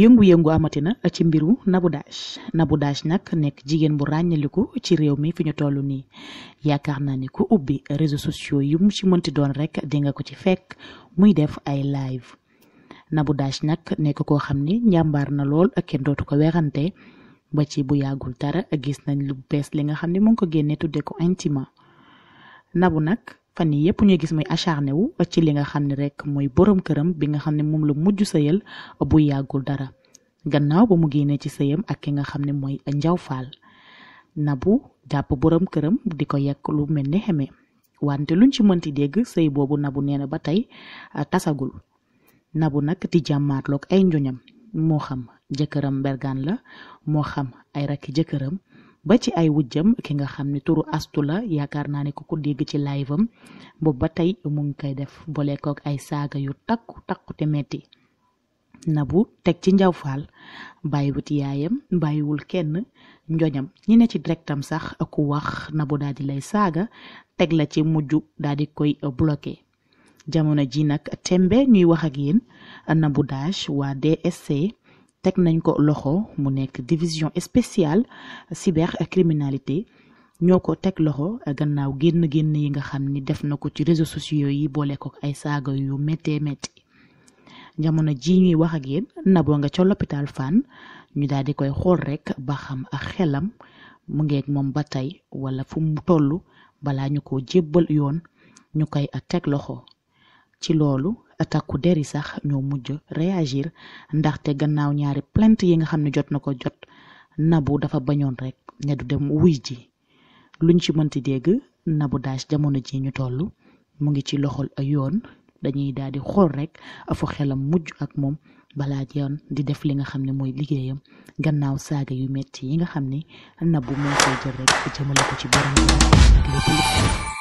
yëngu-yëngu amatina ci mbiru nabu Dash Nabou Dash nag nekk jigéen bu ràññaliku ci réew mi fi ñu toll nii yaakaar naa ni ku ubbi réseaux sociaux yu mu ci mënti doon rek di nga ko ci fekk muy def ay live nabu Dash nag nekk koo xam ni njàmbaar na lool ak kenn dootu ko werante ba ci bu yàggul dara gis nañ lu bees li nga xam ni mu ngi ko génnee tudde ko intiment nabu nag Fani yépp ñu gis muy acharné wu ci li nga xam rek mooy borom këram bi nga xam ne moom la mujj sëyal bu yàggul dara gannaaw ba mu génnee ci sëyam ak nga xam ne mooy njaw faal nabu jàpp borom këram di ko yekk lu mel ne xeme wante luñ ci mënti dégg sëy boobu nabu nee na ba tey ah, tasagul nabu nag di jàmmaatloog ay njoñam moo xam jëkkëram bergaan la moo xam ay rakki jëkkëram ba ci ay wujjam ki nga xam ne turu astu la yaakaar naa ne ku ko dégg ci live am boobu ba tey mu ngi koy def boole kook ay saaga yu takku takku te metti nabu teg ci njawfal faal bàyyiwut yaayam bàyyiwul kenn njoñam ñi ne ci directam sax aku wax nabu daal di lay saaga teg la ci mujj daal di koy bloqué jamono ji nag tembe ñuy wax ak yéen nabu dash waa DSC teg nañ ko loxo mu nekk division spéciale cybercriminalité ñoo ko teg loxo gannaaw génn génn yi nga xam ni def na ko ci réseaux sociaux yi boole ko ay saaga yu méttee métti jamono ji ñuy wax ak yéen naboo nga ca l'hôpital Fann ñu daal di koy xool rek ba xam ak xelam mu ngeeg moom ba tey wala fu tollu toll balaa ñu ko jébbal yoon ñu koy teg loxo. ci loolu takku der yi sax ñoo mujj réagir ndaxte gannaaw ñaari plainte yi nga xam ne jot na ko jot nabu dafa bañoon rek ne du dem wuy ji luñ ci mënti dégg nabu Dash jamono ji ñu tollu mu ngi ci loxol ay yoon dañuy daal di xool rek fu xelam mujj ak moom balaa yoon di def li nga xam ne mooy liggéeyam gannaaw saaga yu metti yi nga xam ne Nabou moo koy jël rek jëmale ko ci borom ak